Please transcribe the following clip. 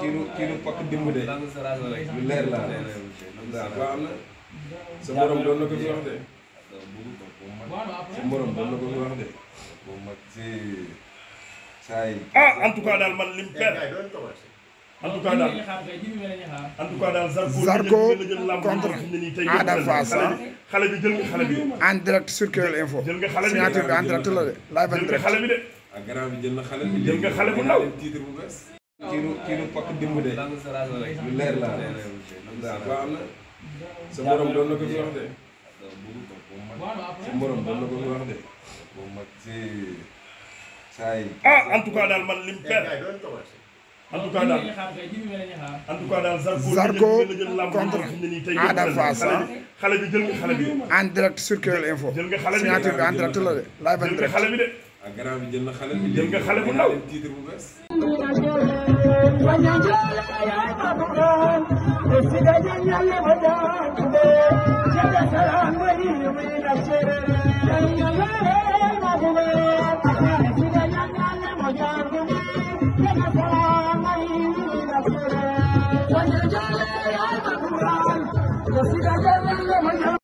kii nu kii nu pakk dimb de lu leer la waaw am na sa morom doon na ko fi wax de sa morom doon na ko fi wax de saa yi ah en tout cas daal man lim per en tout cas daal en tout cas daal Zarko contre Ada Fass xale bi jël nga xale bi en direct sur Kewel Info jël nga xale bi signature bi en direct la de live en direct jël nga xale bi de ak ah, grand bi jël na xale bi jël nga xale bu ndaw titre bu bees kii nu kii nu pakk dimb de lu am na sa morom doon na ko fi wax de sa morom doon na ko fi wax de boobu mag si saa yi ah daal man lim per en tout cas daal en bi jël nga bi en direct sur Kewel Info signature bi en direct la de ak grand bi jël na xale bi jël nga xale bu ndaw titre bu bees Thank you.